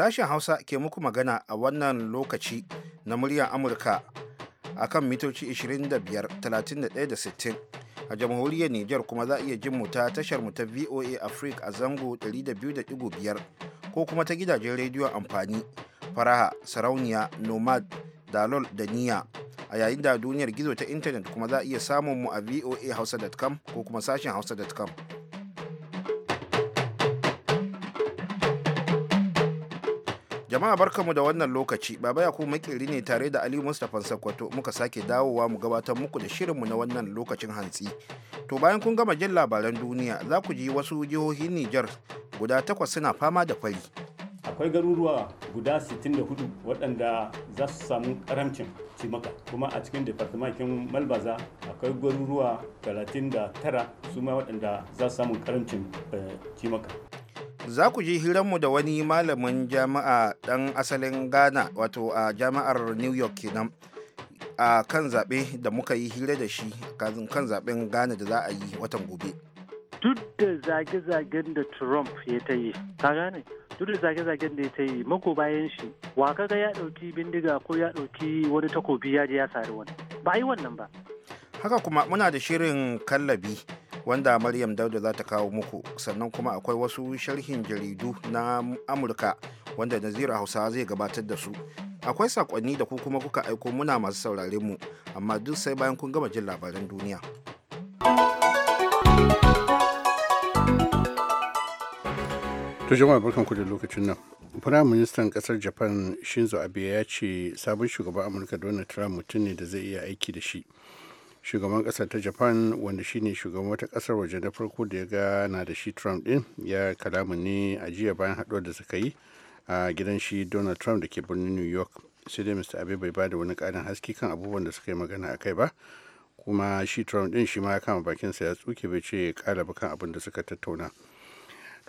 Sashen Hausa ke muku magana a wannan lokaci na muryar Amurka a kan mitoci 25, 31 da 60. A jamhuriyar Niger kuma za a iya jin mu ta tashar mu ta VOA Africa a zango 200.5 ko kuma ta gidajen rediyo amfani faraha, sarauniya, nomad, dalol da niya. a yayin da duniyar gizo ta intanet kuma za a iya samun mu a VOA Hausa.com ko kuma sashen hausa.com. jama'a barkamu da wannan lokaci baba ya kuma makiri ne tare da ali mustapha sakwato muka sake dawowa mu gabatar muku da shirin mu na wannan lokacin hantsi to bayan kun gama jin labaran duniya za ku ji wasu jihohin nijar guda takwas suna fama da fari akwai garuruwa guda 64 waɗanda za su samu karamcin cimaka kuma a cikin departamakin malbaza akwai garuruwa 39 su ma waɗanda za su samu karamcin eh, cimaka za ku ji hiranmu da wani malamin jami'a ɗan asalin ghana wato a jami'ar new york kenan a kan zaɓe da muka yi hira da shi kan zaɓen ghana da za a yi watan gobe duk da zage-zagen da trump ya ta yi ka gane duk da zage-zagen da ya ta yi mako bayan shi wa kaga ya ɗauki bindiga ko ya ɗauki wani takobi ya je ya sari wani ba a yi wannan ba haka kuma muna da shirin kallabi wanda Maryam Dauda za ta kawo muku sannan kuma akwai wasu sharhin jaridu na Amurka wanda Nazira Hausa zai gabatar da su. Akwai sakonni da ku kuma kuka aiko muna masu saurare mu amma duk sai bayan kun gama jin labaran duniya. To jama'a barkan da lokacin nan. Firayim Ministan kasar Japan Shinzo Abe ya ce sabon shugaban Amurka Donald Trump mutum ne da zai iya aiki da shi. shugaban kasar ta japan wanda shine shugaban wata kasar waje na farko da ya gana da shi trump din ya kalamu ne a jiya bayan haɗuwar da suka yi a gidan shi donald trump da ke birnin new york sai dai mr abe bai bada wani karin haske kan abubuwan da suka yi magana a kai ba kuma shi trump din shi ma ya kama bakinsa ya tsuke bai ce kara ba kan abin da suka tattauna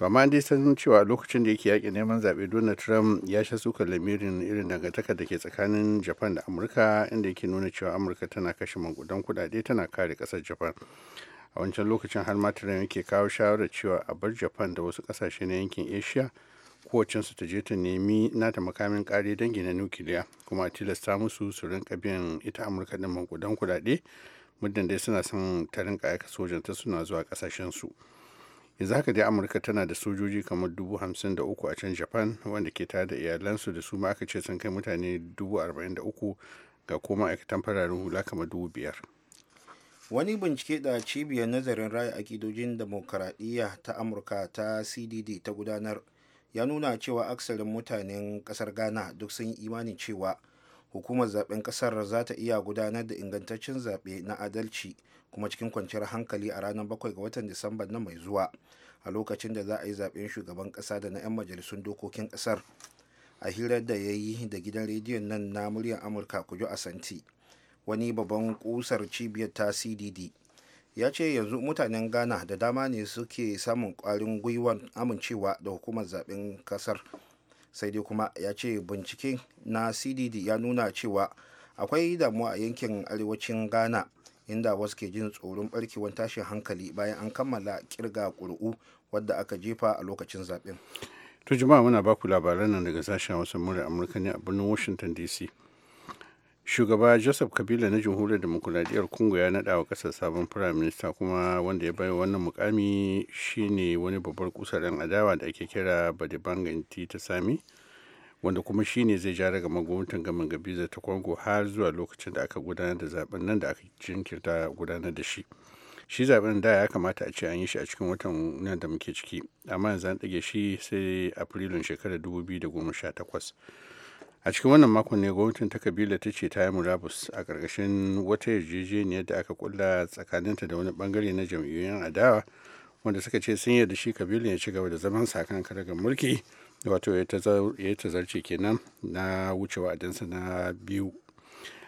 to amma dai san cewa lokacin da yake yaƙi neman zaɓe donald trump ya sha sukar lamirin irin dangantakar da ke tsakanin japan da amurka inda yake nuna cewa amurka tana kashe mangudan kuɗaɗe tana kare ƙasar japan a wancan lokacin har mataran yake kawo shawarar cewa a bar japan da wasu ƙasashe na yankin asia su ta je ta nemi nata makamin kare dangi na nukiliya kuma a tilasta musu su rinka biyan ita amurka din mangudan kuɗaɗe muddin dai suna son ta rinka aika sojanta suna zuwa ƙasashen su yanzu haka dai amurka tana da sojoji kamar dubu hamsin da uku a can japan wanda ke tada iyalansu da su ma aka ce sun kai mutane dubu arba'in da uku ga koma ma'aikatan fararen hula kamar dubu biyar wani bincike da cibiyar nazarin raya akidojin demokaradiyya ta amurka ta cdd ta gudanar ya nuna cewa aksarin mutanen kasar ghana duk sun yi imanin cewa hukumar zaben kasar za ta iya gudanar da ingantaccen zaɓe na adalci kuma cikin kwanciyar hankali a ranar 7 ga watan disamba na mai zuwa a lokacin da za a yi zaɓen shugaban ƙasa da na 'yan majalisun dokokin ƙasar a hirar da ya yi da gidan rediyon nan na muryar amurka kujo santi wani babban kusar cibiyar ta cdd ya ce yanzu mutanen ghana da dama ne suke samun kwarin gwiwar amincewa da hukumar zaben kasar sai dai kuma ya ce bincike na cdd ya nuna cewa akwai damuwa a yankin arewacin ghana inda wasu ke jin tsoron barkewar tashin hankali bayan an kammala kirga ƙuri'u wadda aka jefa a lokacin zaɓen. to jima'a muna baku labaran nan daga sashen wasan murar amurka ne a birnin washington dc shugaba joseph kabila na jamhuriyar demokuraɗiyyar congo ya naɗa wa ƙasar sabon firayim kuma wanda ya bai wannan mukami shine wani babbar kusar adawa da ake kira badibanga ta sami wanda kuma shine zai ja daga magwamnatin gaman gabiza ta kongo har zuwa lokacin da aka gudanar da zaben nan da aka jinkirta gudanar da shi shi zaben da ya kamata a ce an yi shi a cikin watan nan da muke ciki amma yanzu an ɗage shi sai afrilun shekarar 2018 a cikin wannan makon ne gwamnatin ta kabila ta ce ta yi murabus a ƙarƙashin wata yarjejeniyar da aka kulla tsakaninta da wani bangare na jam'iyyun adawa wanda suka ce sun yarda shi kabila ya ci gaba da zaman sa kan karagar mulki wato ya ta zarce kenan na wucewa wa'adinsa na biyu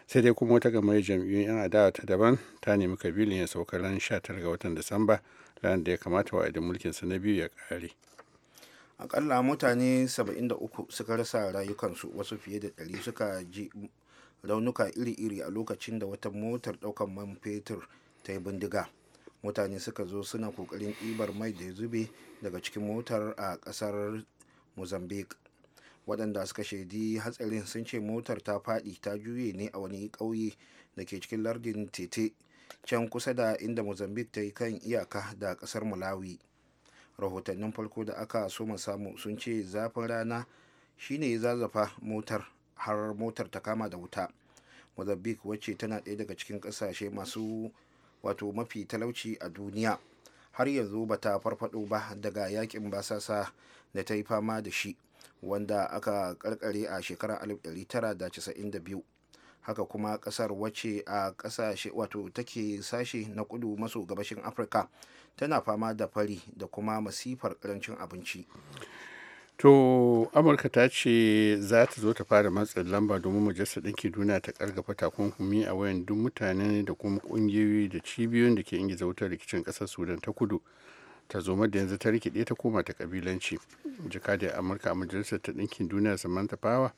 sai dai kuma wata gamar jam'iyyun 'yan adawa ta daban ta nemi kabilun ya sauka ran 19 ga watan disamba ranar da ya kamata wa'adin mulkin mulkinsa na biyu ya kare akalla mutane 73 suka rasa rayukansu wasu fiye da 100 suka ji raunuka iri-iri a lokacin da wata motar daukan man fetur ta yi bindiga mutane suka zo suna kokarin ɗibar mai da ya zube daga cikin motar a kasar mozambique waɗanda suka shaidi hatsarin sun ce motar ta faɗi ta juye ne a wani ƙauye da ke cikin lardin tete can kusa da inda mozambique ta yi kan iyaka da ƙasar malawi rahotannin farko da aka soma samu sun ce zafin rana shine ya zazzafa motar har motar ta kama da wuta mozambique wacce tana ɗaya daga cikin ƙasashe masu wato mafi talauci a duniya har yanzu ba ta farfado ba daga yakin basasa da ta yi fama da shi wanda aka karkare a shekarar 1992 haka kuma kasar wacce a kasashe wato take sashe na kudu maso gabashin afirka tana fama da fari da kuma masifar karancin abinci to amurka ta ce za ta zo ta fara matsin lamba domin majalisar ɗinkin duniya ta kargafa takunkumi a wayan duk mutane da kuma kungiyoyi da cibiyoyin da ke ingiza wutar rikicin ƙasar sudan ta kudu ta zo da yanzu ta rikide ta koma ta kabilanci jakadiyar amurka a majalisar ta ɗinkin duniya samantha power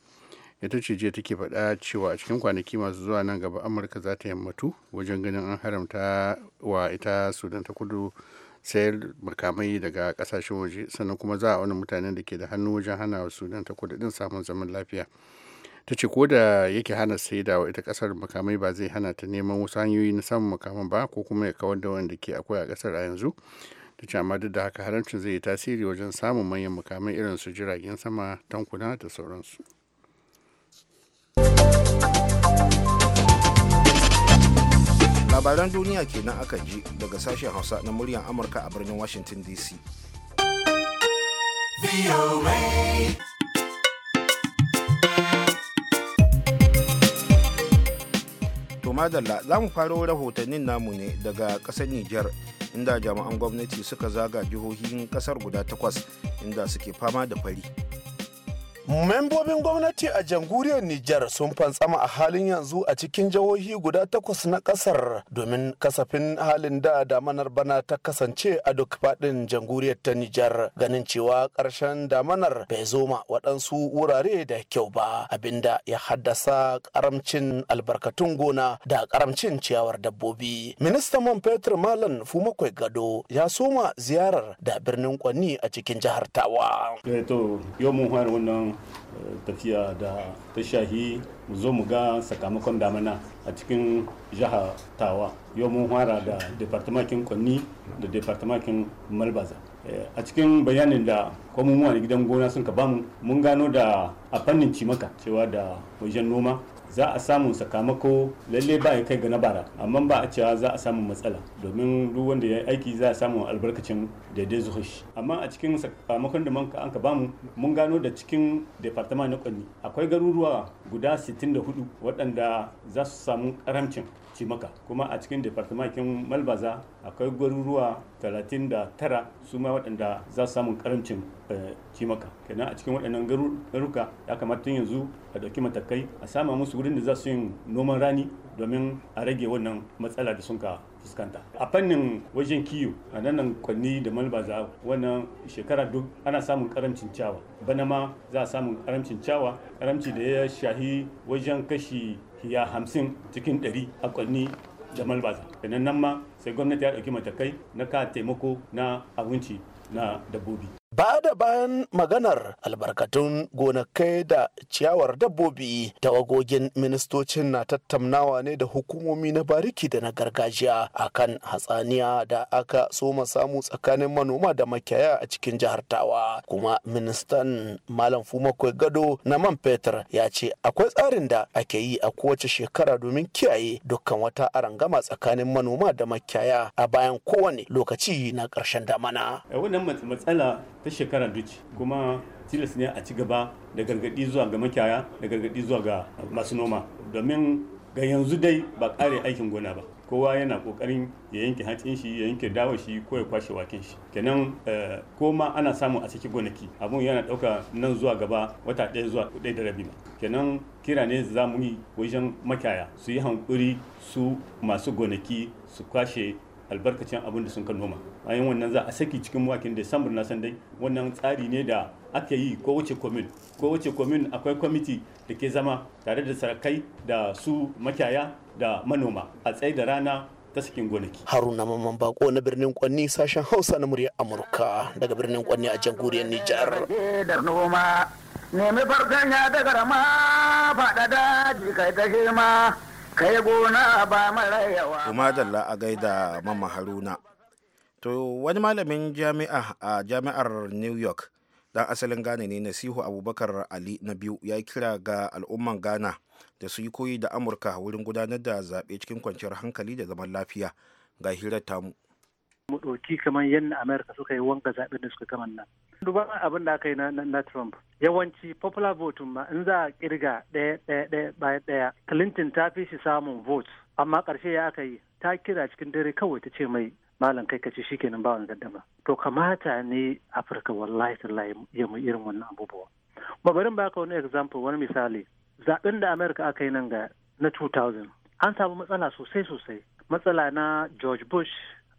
ita ce jiya take faɗa cewa a cikin kwanaki masu zuwa nan gaba amurka za ta yammatu wajen ganin an haramta wa ita sudan ta kudu sayar makamai daga kasashen waje sannan kuma za a wani mutanen da ke da hannu wajen hana wa sudan ta kudu din samun zaman lafiya ta ce ko da yake hana saida wa ita kasar makamai ba zai hana ta neman wasu hanyoyi na samun makaman ba ko kuma ya kawar da wanda ke akwai a kasar a yanzu ta ce amma duk da haka haramcin zai yi tasiri wajen samun manyan makamai irin su jiragen sama tankuna da sauransu labaran duniya kenan aka ji daga sashen hausa na muryar amurka a birnin washington dc to madalla za mu faro rahotannin namu ne daga kasar niger inda jami'an gwamnati suka zaga jihohin kasar guda takwas inda suke fama da fari Membobin gwamnati a jamhuriyar Nijar sun fantsama a halin yanzu a cikin jihohi guda takwas na kasar domin kasafin halin da damanar bana ta kasance a duk faɗin jamhuriyar ta Nijar ganin cewa ƙarshen damanar bai zoma waɗansu wurare da kyau ba abinda ya haddasa ƙaramcin albarkatun gona da karamcin ciyawar dabbobi. Ministan man Petr Malam Fumakwai Gado ya soma ziyarar da birnin Kwani a cikin jihar Tawa. Eh, yau wannan tafiya da ta shahi mu zo mu ga sakamakon damana a cikin jiha tawa yau mun fara da departamakin kwanni da departamakin malbaza eh, a cikin bayanin da kwamumuwa na gidan gona sun ka bamu mun gano da a fannin cimaka cewa da wajen noma za a samu sakamako lalle ba ya kai ga na bara amma ba a cewa za a samu matsala domin duk wanda ya aiki za a samu albarkacin daidai zuwa amma a cikin sakamakon da manka an ka bamu mun gano da cikin departament na kwanni akwai garuruwa guda 64 waɗanda za su samu karamcin cimaka kuma a cikin departamentin malbaza akwai garuruwa 39 su ma waɗanda za su samun karancin eh, cimaka kenan a cikin waɗannan garuruka ya kamata tun yanzu a ɗauki matakai a sama musu wurin da za su yin noman rani domin a rage wannan matsala da sun ka fuskanta a fannin wajen kiyo a nan kwanni da malbaza wannan shekara duk ana samun ƙarancin ciyawa bana ma za a samun ƙarancin ciyawa karamci da ya shahi wajen kashi ya hamsin cikin ɗari a kwanni da malbaza sannan nan ma sai gwamnati ya ɗauki matakai na ka taimako na abinci na dabbobi ba da bayan maganar albarkatun gonakai da ciyawar dabbobi tawagogin ministocin na tattaunawa ne da hukumomi na bariki da na gargajiya a kan hatsaniya da aka soma samu tsakanin manoma da makiyaya a cikin jihar tawa kuma ministan malam fumakwai gado na man fetur ya ce akwai tsarin da ake yi a kowace shekara domin kiyaye dukkan wata arangama tsakanin manoma da makiyaya a bayan kowane lokaci na ƙarshen damana eh, wannan ta shekara duci kuma tilas ne a ci gaba da gargadi zuwa ga makiyaya da gargadi zuwa ga masu noma domin ga yanzu dai ba kare aikin gona ba kowa yana kokarin ya yanke hatsin shi ya yanke dawa shi ko ya kwashe waken shi kenan eh, ko ma ana samu a saki gonaki abun yana ɗauka nan zuwa gaba wata ɗaya zuwa ɗaya da rabi ma kenan kira ne za yi wajen makaya su yi hankuri su masu gonaki su kwashe albarkacin abin da sun ka noma bayan wannan za a saki cikin wakin da na san dai wannan tsari ne da aka yi ko wace komin ko wace komin akwai kwamiti da ke zama tare da sarakai da su makiyaya da manoma a tsaye da rana ta sakin gonaki haruna mamman bako na birnin kwanni sashen hausa na murya amurka daga birnin kwanni a jamhuriyar nijar nemi farkon ya daga rama faɗaɗa jikai ta ma kai gona ba mara yawa kuma dalla a gaida mamma haruna to wani malamin jami'a a jami'ar new york dan asalin ghana ne nasihu abubakar ali na biyu ya kira ga al'umman ghana da su yi koyi da amurka wurin gudanar da zaɓe cikin kwanciyar hankali da zaman lafiya ga hirar tamu mu ɗauki kamar yadda amurka suka yi wanka zaɓen da suka kaman nan duba abin da aka yi na Trump. Yawanci popular vote ma in za a kirga ɗaya ɗaya ɗaya bayan ɗaya. Clinton ta fi shi samun vote amma ƙarshe ya aka yi ta kira cikin dare kawai ta ce mai malam kai kaci shikenan ba wani gaddama. To kamata ne Afirka wallahi layi ya mu irin wannan abubuwa. Ba bari ba ka wani example wani misali. Zaɓen da Amerika aka yi nan ga na 2000 an samu matsala sosai sosai. Matsala na George Bush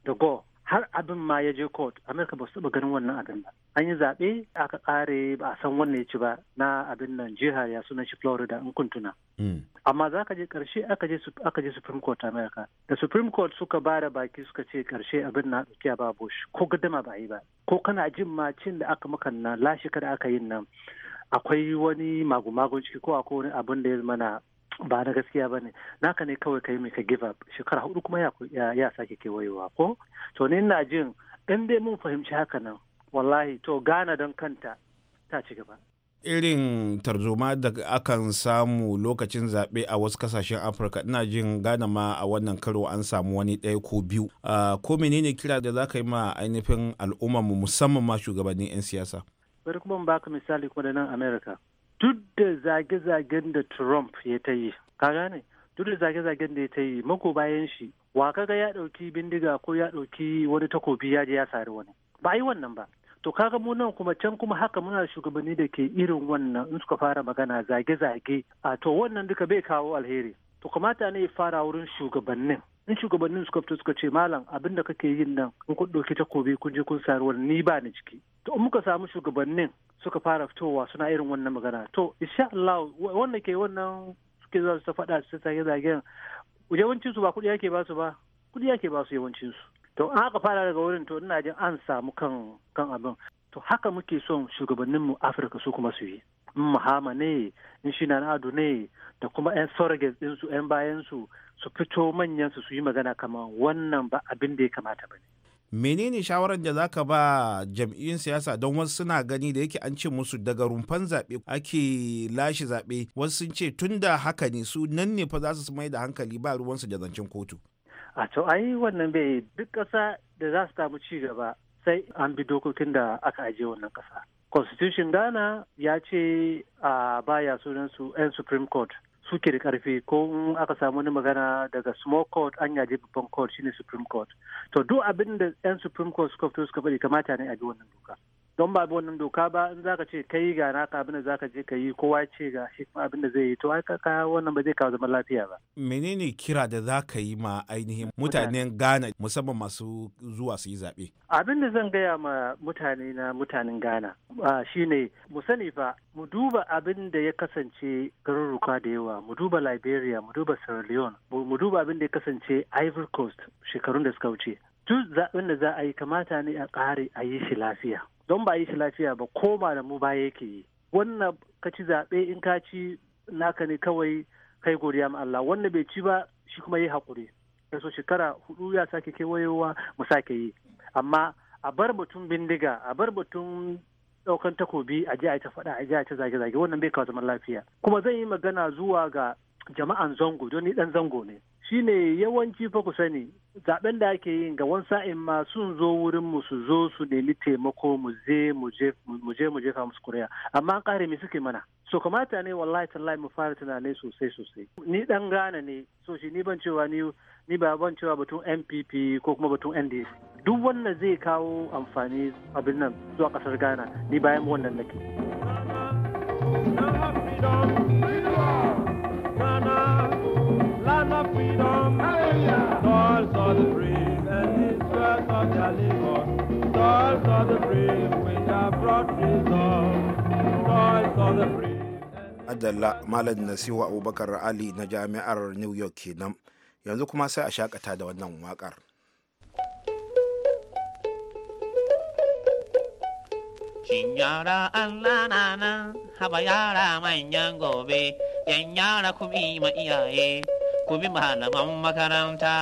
da Gore har abin ma ya je court amerika ba su taba ganin wannan abin ba an yi zaɓe aka ƙare ba a san wannan ya ci ba na abin nan jiha ya suna shi florida in kuntuna hmm. amma za ka je ƙarshe aka je supreme court amerika da supreme court suka ba da baki suka ce ƙarshe abin na tsakiya ba bush ko gadama ba yi ba ko kana jin ma cin da aka maka na lashe kada aka yin nan akwai wani magumagun ciki ko akwai wani abin da ya mana ba na gaskiya ba ne naka ne kawai kai mai ka give up shekara hudu kuma ya sake kewayewa ko to ne ina jin in dai mun fahimci haka nan wallahi to gana don kanta ta ci gaba irin tarzoma da akan samu lokacin zaɓe a wasu kasashen afirka ina jin gana ma a wannan karo an samu wani ɗaya ko biyu ko menene kira da za ka yi ma ainihin al'ummarmu musamman ma shugabannin 'yan siyasa bari kuma baka misali kuma da nan america duk da zage-zagen da Trump ya ta yi, ka gane? Duk da zage-zagen da ya ta yi, mako bayan shi, wa kaga ya ɗauki bindiga ko ya ɗauki wani takobi ya je ya sari wani. Ba a yi wannan ba. To kaga mu nan kuma can kuma haka muna shugabanni da ke irin wannan in suka fara magana zage-zage. A to wannan duka bai kawo alheri. To kamata ne ya fara wurin shugabannin. in shugabannin suka fito suka ce malam abin da kake yin nan in kun ɗauki takobi kun je kun sayar wani ni ba ni ciki to in muka samu shugabannin suka fara fitowa suna irin wannan magana to insha Allah wanda ke wannan suke zuwa su ta faɗa su ta zage yawancin su ba kuɗi yake ba su ba kuɗi yake ba su yawancin su to an aka fara daga wurin to ina jin an samu kan kan abin to haka muke son shugabannin mu Afirka su kuma su yi Mahama ne, na Ado ne, da kuma 'yan surrogates ɗinsu, 'yan bayansu, su fito manyan su yi magana kamar wannan ba abin da ya kamata ba ne. menene shawarar da zaka ba jam'iyyun siyasa don wasu suna gani da yake an ce musu daga rumfan zaɓe ake lashe zaɓe wasu sun ce tun da haka ne su nan ne fa za su mai da hankali ba ruwansu da zancen kotu a to ai wannan bai duk ƙasa da za su samu ci gaba sai an bi dokokin da aka ajiye wannan ƙasa constitution ghana ya ce a baya sunan su yan supreme court suke da karfi ko in aka samu wani magana daga small court an yaje babban court shine supreme court to duk abin da yan supreme court suka fito suka faɗi kamata ne a bi wannan doka don ba wannan doka ba in zaka ce kai ga naka abin da zaka je ka yi kowa ce ga shi kuma abin da zai yi to aka ka wannan ba zai kawo zaman lafiya ba menene kira da zaka yi ma ainihin mutanen Ghana musamman masu zuwa su yi zabe abin da zan gaya ma mutane na mutanen Ghana shine mu sani fa mu duba abin da ya kasance garuruka da yawa mu duba Liberia mu duba Sierra Leone mu duba abin da ya kasance Ivory Coast shekarun da suka wuce duk zaɓen da za a yi kamata ne a ƙare a yi shi lafiya don ba a yi shi lafiya ba ko mu ba yake yi wannan ka ci zaɓe in ka ci naka ne kawai kai godiya ma Allah Wannan bai ci ba shi kuma yi haƙuri ya so shekara hudu ya sake kewayowa mu sake yi amma a bar batun bindiga a bar batun ɗaukan takobi a ji a ta faɗa a ji a ta zage-zage wannan bai kawo zaman lafiya kuma zan yi magana zuwa ga jama'an zango don ni dan zango ne shi ne yawanci fa ku sani zaben da ake yin ga wansa in ma sun zo wurin mu su zo su nemi taimako mu je mu je mu fa musu kuriya amma an kare mi suke mana so kamata ne wallahi tallahi mu fara tunani sosai sosai ni dan gana ne so shi ni ban cewa ni ni ba ban cewa batun MPP ko kuma batun NDC duk wannan zai kawo amfani abin nan zuwa kasar gana ni bayan wannan nake Adalla Malam Nasiwa Abubakar Ali na Jami'ar New York kenan. Yanzu kuma sai a shakata da wannan wakar Kin yara Allah na nan, haba yara manyan gobe, yan yara kuma ma iyaye. ku bi malaman makaranta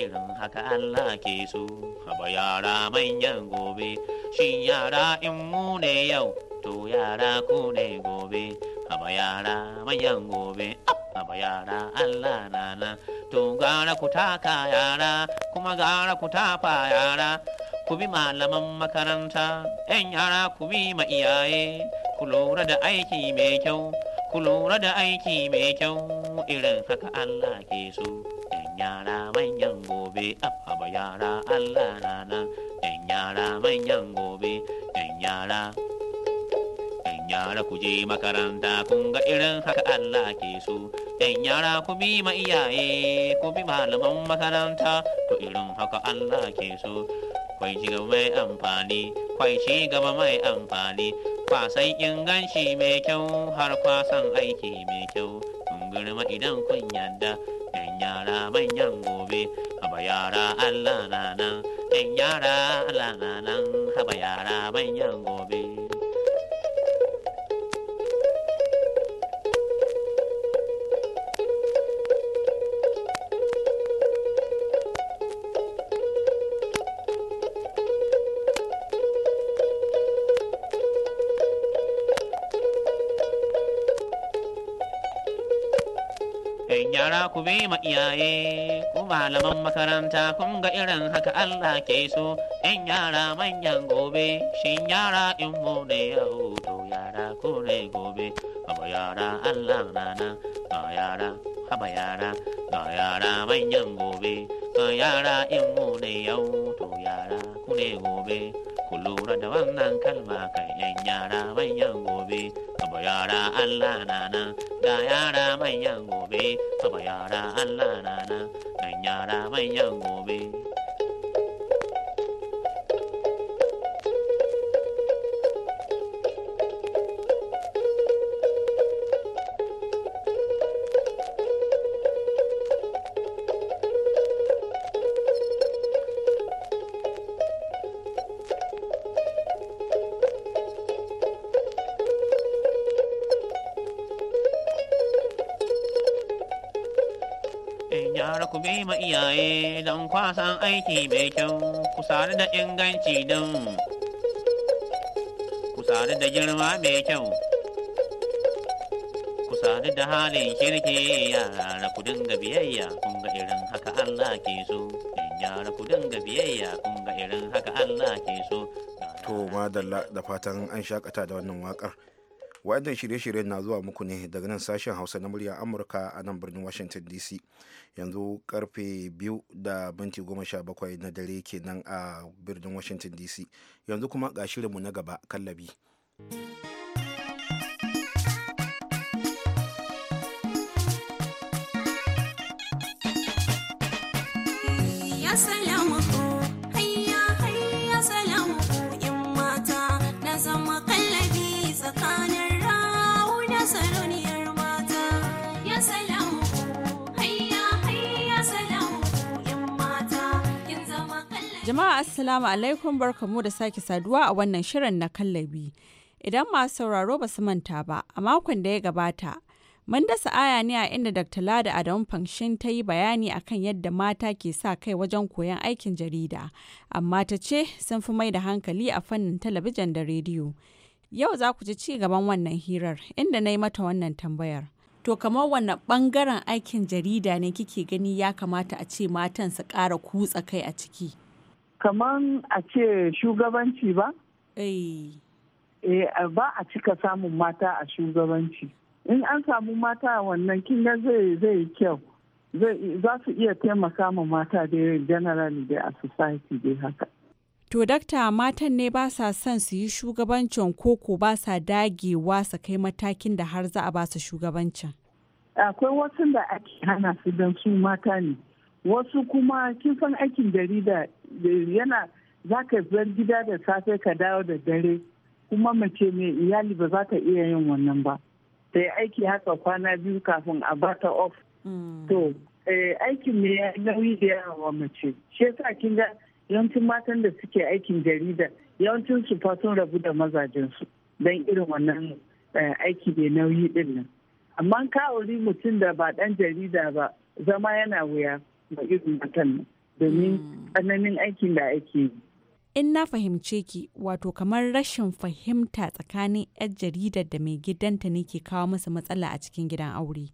irin haka Allah ke so, haba yara manyan gobe, shi yara in mu ne yau, to yara ku ne gobe, haba yara manyan gobe, haba yara Allah nana, to gara ku taka yara, kuma gara ku tafa yara, Kubi bi malaman makaranta, 'yan yara ku bi ma iyaye, ku lura da aiki mai kyau, ku lura da aiki mai kyau. irin haka Allah ke so yan yara manyan gobe abba yara Allah na nan yan yara manyan gobe yan yara yan yara ku je makaranta kun ga irin haka Allah ke so yan yara ku bi ma iyaye ku bi malaman makaranta to irin haka Allah ke so kwai ci gaba mai amfani kwai ci gaba mai amfani kwasan inganci mai kyau har kwasan aiki mai kyau girma idan kun yarda yan yara manyan gobe haba yara allah na nan yan yara allah na nan haba yara manyan gobe ku bi ma iyaye ku malaman makaranta kun ga irin haka Allah ke so in yara manyan gobe shin yara in mu ne yau to yara ku ne gobe haba yara Allah nana ga yara haba yara ga yara manyan gobe ga yara in mu ne yau to yara ku ne gobe ku lura da wannan kalma kai. yan yara manyan gobe haba yara Allah nana ga yara manyan gobe su ba yara Allah rana don yara manyan gobe san aiki mai kyau ku sadu da inganci don sadu da girma mai kyau ku sadu da halin kirki yara ku dinga biyayya kun ga irin haka Allah ke so yara ku dinga biyayya kun ga irin haka Allah ke so to madalla da fatan an shakata da wannan wakar wadannan shirye-shiryen na zuwa muku ne daga nan sashen hausa na murya amurka a nan birnin washington dc yanzu karfe biyu da minti goma sha bakwai na dare kenan a birnin washington dc yanzu kuma ga shirinmu na gaba kallabi. Jama'a Assalamu alaikum barkamu da sake saduwa a wannan shirin na kallabi. Idan masu sauraro ba su manta ba, a makon da ya gabata, mun dasa aya ne a inda Dr. Lada Adamu Fanshin ta yi bayani akan yadda mata ke sa kai wajen koyon aikin jarida, amma ta ce sun fi mai da hankali a fannin talabijin da rediyo. Yau za ku ji ci gaban wannan hirar inda na yi mata wannan tambayar. To kamar wanne bangaren aikin jarida ne kike gani ya kamata a ce matan su kara kutsa kai a ciki? kaman a ce shugabanci ba? Eh ba a cika samun mata a shugabanci. In an samu mata wannan kinga zai zai kyau. Za su iya taimaka ma mata da generally da a society dai haka. To, dakta matan ne ba sa son su yi shugabancin koko ba sa dagewa su kai matakin da har za a ba su shugabancin. Akwai wasu da ake hana su don su mata ne. Wasu kuma kin san aikin jarida yana za ka zan gida da safe ka dawo da dare kuma mace mai iyali ba za ta iya yin wannan ba ta yi aiki haka kwana biyu kafin a bata off hmm. to eh, aiki mai nauyi da yawa wa mace shi yasa kin ga yawancin matan da suke aikin jarida yawancin su fa sun rabu da mazajen su don irin wannan eh, aiki mai nauyi din nan amma ka mutum da ba dan jarida ba zama yana wuya ga irin matan nan domin mm. tsananin aikin da ake yi. In na fahimce ki wato kamar rashin fahimta tsakanin 'yar jaridar da mai gidanta ne ke kawo masa matsala a cikin gidan aure.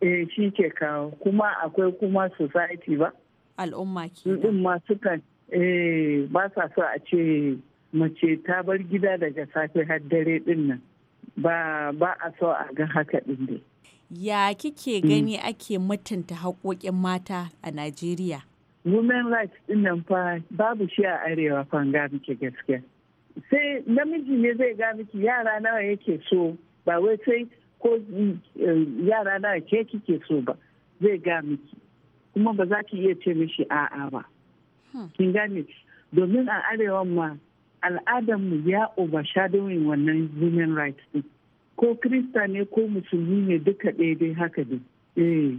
Eh shi ke kawo kuma akwai kuma society ba. Al'umma ke. Din sukan eh ba sa so a ce mace ta bar gida daga safe har dare din nan. Ba a so a ga haka din dai. Ya kike mm. gani ake mutunta haƙoƙin mata a Najeriya? women rights din nan fa babu shi a arewa fan ga miki gaskiya sai namiji ne zai ga miki yara nawa yake so ba wai sai ko eh, yara nawa ke kike so ba zai ga miki kuma ba za ki iya ce mishi a'a ba hmm. kin gane domin a arewa ma mu ya overshadowing wannan women rights din ko krista ne ko musulmi ne duka ɗaya dai haka dai eh.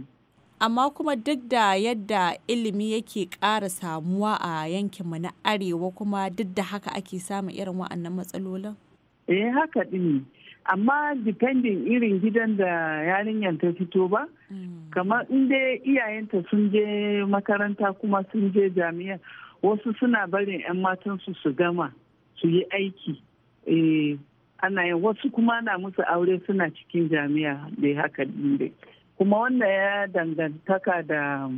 amma kuma duk da yadda ilimi yake ƙara samuwa a yankinmu na arewa kuma duk da haka ake samun irin wa'annan matsalolin? eh haka ɗin amma depending irin gidan da yarinyar ta fito ba mm. kamar inda iyayenta sun je makaranta kuma sun je jami'a wasu suna barin 'yan matansu su gama su yi aiki eh, ana yin wasu kuma na musu aure suna cikin jami'a da haka dai kuma wannan ya dangantaka da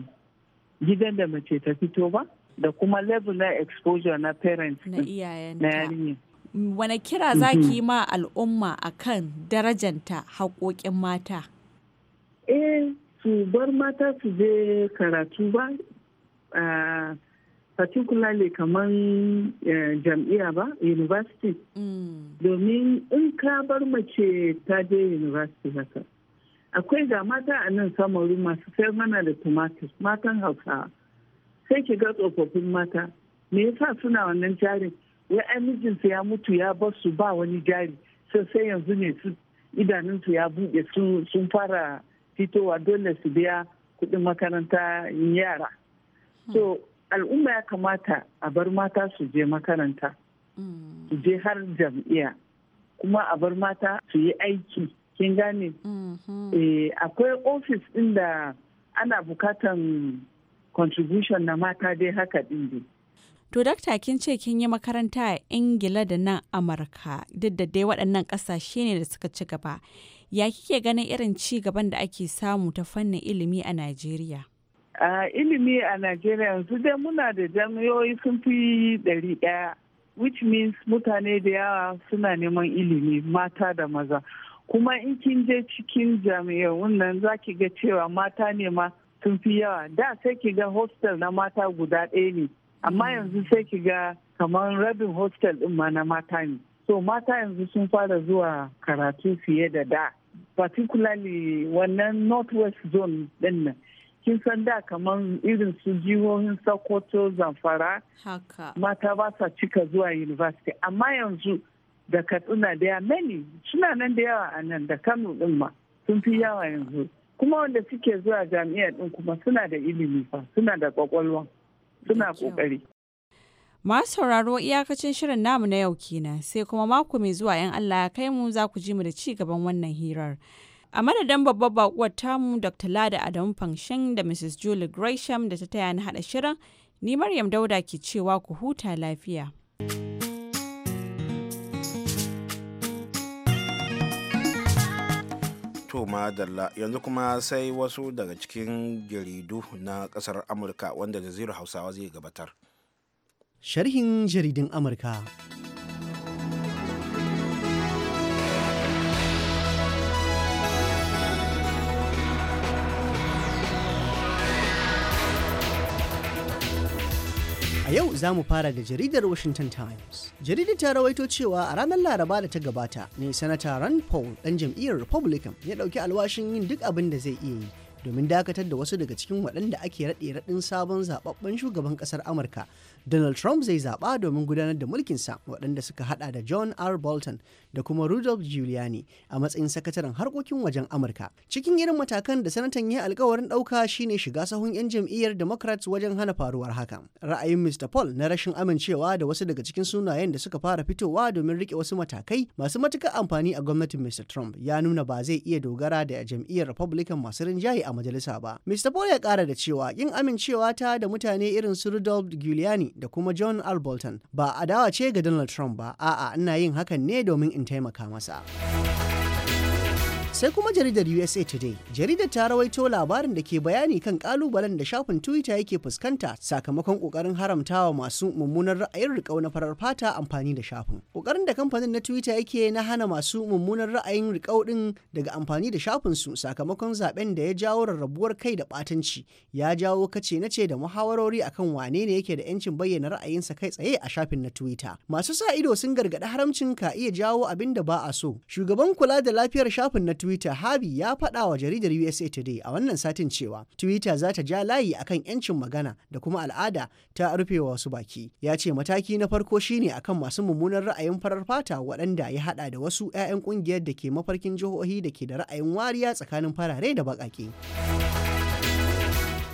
gidan da mace ta fito ba da kuma level na exposure na parents na yarinya wane kira za ki mhm. ma al'umma a kan darajanta haƙoƙin mata eh su bar mata su je karatu ba particularly kamar eh, jam'iyya ba university mm. domin in ka bar mace ta je university haka akwai da mata a nan samaru masu sayar mana da tumatir matan hausawa sai ki ga tsofaffin mata me yasa suna wannan jarin ya ai mijinsu ya mutu ya bar su ba wani jari sai yanzu ne su idanunsu ya buɗe sun fara fitowa dole su biya kuɗin makaranta yara so al'umma ya kamata a bar mata su je makaranta mm. su je har jam'iyya kuma a bar mata su yi aiki kin gane mm-hmm. eh, akwai ofis ɗin da ana bukatan contribution na mata dai haka din dai To dakta kin ce kin yi makaranta a Ingila da nan Amurka duk da dai waɗannan ƙasashe ne da suka ci gaba. Ya kike ganin irin ci gaban da ake samu ta fannin ilimi a Najeriya? A ilimi a Najeriya yanzu dai muna da jami'o'i sun fi ɗari ɗaya, which means mutane da yawa suna neman ilimi mata da maza. kuma in kin je cikin jami'an nan za ki ga cewa mata ne ma sun fi yawa da sai ki ga hostel na mata guda ɗaya ne amma mm. yanzu sai ki ga kamar rabin hostel ɗin ma na mata ne so mata yanzu sun fara zuwa karatu fiye da da particularly wannan northwest zone ɗin nan kin san da kamar irin su jihohin sokoto zamfara mata ba sa cika zuwa university amma yanzu da katsina da ya mani suna nan da yawa a nan da kano din ma sun fi yawa yanzu kuma wanda suke zuwa jami'a din kuma suna da ilimi fa suna da kwakwalwa suna kokari masu sauraro iyakacin shirin namu na yau kenan sai kuma mako mai zuwa yan Allah ya kai mu za ku ji mu da ci gaban wannan hirar a madadin babbar bakuwar tamu dr lada adamu fanshin da mrs julie gresham da ta taya na hada shirin ni maryam dauda ke cewa ku huta lafiya. thank you To madalla yanzu kuma sai wasu daga cikin jaridu na kasar Amurka wanda jaziru Hausawa zai gabatar. Sharhin jaridun Amurka. A yau za mu fara da jaridar Washington Times. Jaridar ta rawaito cewa a ranar Laraba da ta gabata ne Sanata Rand Paul ɗan jam'iyyar Republican ya ɗauki alwashin yin duk abin da zai iya yi domin dakatar da wasu daga cikin waɗanda ake raɗe raɗin sabon zaɓaɓɓen shugaban ƙasar Amurka. Donald Trump zai zaɓa domin gudanar da mulkinsa waɗanda suka haɗa da John R. Bolton da kuma Rudolph Giuliani a matsayin sakataren harkokin wajen Amurka. Cikin irin matakan da sanatan ya alkawarin ɗauka shine shiga sahun 'yan jam'iyyar Democrats wajen hana faruwar hakan. Ra'ayin Mr. Paul na rashin amincewa da wasu daga cikin sunayen da suka fara fitowa domin rike wasu matakai masu matuƙar amfani a gwamnatin Mr. Trump ya nuna ba zai iya dogara da jam'iyyar Republican masu rinjaye a majalisa ba. Mr. Paul ya kara da cewa yin amincewa ta da mutane irin su Rudolph Giuliani da kuma John Al Bolton ba adawa ce ga Donald Trump ba, a'a ina yin hakan ne domin in taimaka masa. sai kuma jaridar usa today jaridar ta rawaito labarin da ke bayani kan kalubalen da shafin twitter yake fuskanta sakamakon kokarin haramtawa masu mummunar ra'ayin riƙau na farar fata amfani da shafin kokarin da kamfanin na twitter yake na hana masu mummunar ra'ayin rikau din daga amfani da shafin su sakamakon zaben da ya jawo rarrabuwar kai da batanci ya jawo kace na ce da muhawarori akan wane ne yake da yancin bayyana ra'ayinsa kai tsaye a shafin na twitter masu sa ido sun gargaɗi haramcin ka iya jawo abin da ba a so shugaban kula da lafiyar shafin na twitter Twitter Harvey ya faɗa wa jaridar USA Today a wannan satin cewa Twitter za ta ja layi akan 'yancin magana da kuma al'ada ta rufe wa wasu baki. Ya ce mataki na farko shine akan masu mummunan ra'ayin farar fata waɗanda ya haɗa da wasu 'ya'yan ƙungiyar da ke mafarkin jihohi da ke da ra'ayin wariya tsakanin farare da baƙaƙe.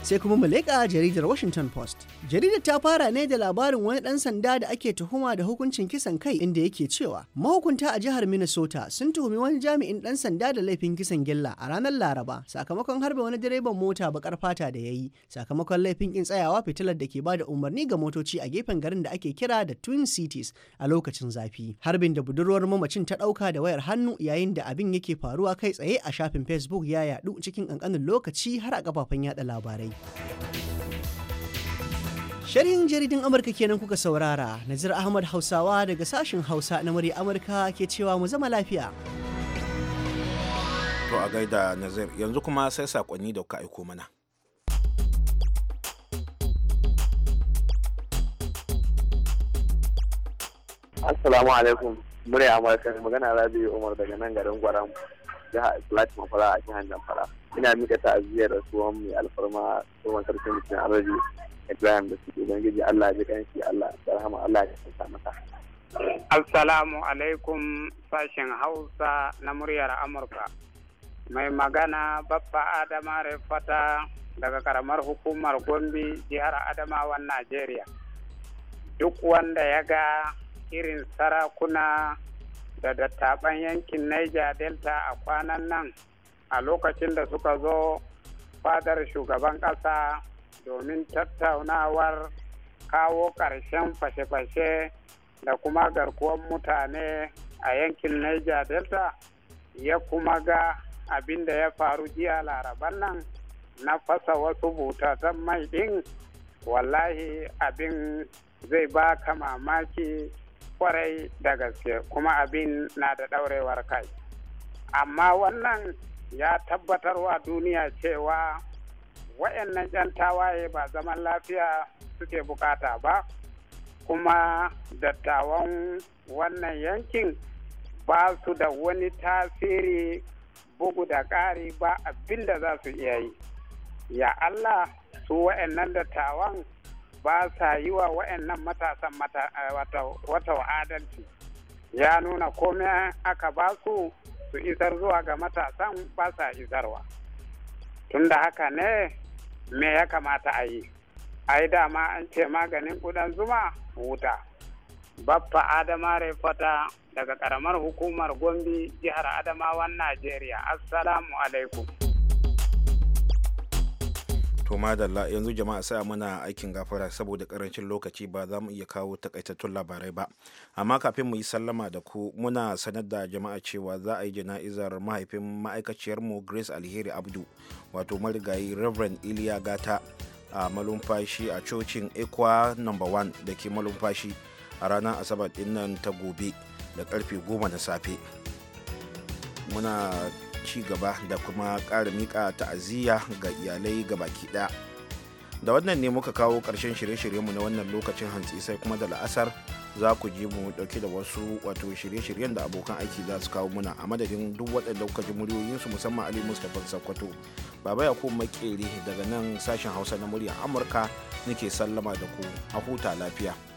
sai kuma mu leƙa jaridar Washington Post. Jaridar ta fara ne da labarin wani ɗan sanda da ake tuhuma da hukuncin kisan kai inda yake cewa mahukunta a jihar Minnesota sun tuhumi wani jami'in ɗan sanda da laifin kisan gilla a ranar Laraba sakamakon harbe wani direban mota bakar fata da yayi sakamakon laifin kin tsayawa fitilar da ke ba da umarni ga motoci a gefen garin da ake kira da Twin Cities a lokacin zafi. Harbin da budurwar mamacin ta ɗauka da wayar hannu yayin da abin yake faruwa kai tsaye a shafin Facebook ya yaɗu cikin ƙanƙanin lokaci har a kafafen yada labarai. Sharhin jaridin Amurka kenan kuka saurara, Nazir Ahmad Hausawa daga sashen Hausa na Muri Amurka ke cewa mu zama lafiya. To a gaida Nazir, yanzu kuma sai sakonni da kuka aiko mana. Assalamu alaikum, Muri Amurka magana Rabi Umar daga nan garin Gwaram. platin fara a jihar zamfara ina mika ta ta'aziyar tuwon mai alfarma tuwon sarkin mutum alhaji ibrahim da suke ubangiji allah ya ji shi allah ya rahama allah ya kasa masa assalamu alaikum sashen hausa na muryar amurka mai magana babba adama rifata daga karamar hukumar gombe jihar adamawan najeriya duk wanda ya ga irin sarakuna da dattaban yankin niger delta a kwanan nan a lokacin da suka zo fadar shugaban ƙasa domin tattaunawar kawo ƙarshen fashe-fashe da kuma garkuwan mutane a yankin niger delta ya kuma ga abin da ya faru jiya laraban nan na fasa wasu butatan mai ɗin wallahi abin zai ba ka mamaki kwarai da gaske kuma abin na da ɗaurewar kai amma wannan ya tabbatar wa duniya cewa wayannan 'yan tawaye ba zaman lafiya suke bukata ba kuma dattawan wannan yankin ba su da wani tasiri bugu da ƙari ba abinda za su iya yi ya Allah su wayannan dattawan ba sa yi wa wa'annan matasan eh, wata adalci ya nuna komai aka ba su su isar zuwa ga matasan ba sa isarwa tunda haka ne me ya kamata a yi ai dama an ce maganin kudan zuma wuta baffa adama fata daga karamar hukumar gombe jihar adamawan najeriya assalamu alaikum to madalla yanzu jama'a sai muna aikin gafara saboda karancin lokaci ba za mu iya kawo takaitattun labarai ba amma kafin mu yi sallama da ku muna sanar da jama'a cewa za a yi jana'izar mahaifin ma'aikaciyarmu grace alheri abdu wato marigayi reverend iliya gata a malumfashi a cocin ekwa no 1 da ke malumfashi a ranar asabar dinnan ta gobe da karfe 10 na safe muna ci gaba da kuma ƙara miƙa ta'aziyya ga iyalai ga baki ɗaya da wannan ne muka kawo ƙarshen shirye-shiryenmu na wannan lokacin hantsi sai kuma da la'asar za ku ji mu ɗauki da wasu wato shirye-shiryen da abokan aiki za su kawo muna a madadin duk waɗanda kuka ji muryoyinsu musamman ali mustapha sakkwato baba ya kuma daga nan sashen hausa na muryar amurka nake sallama da ku a huta lafiya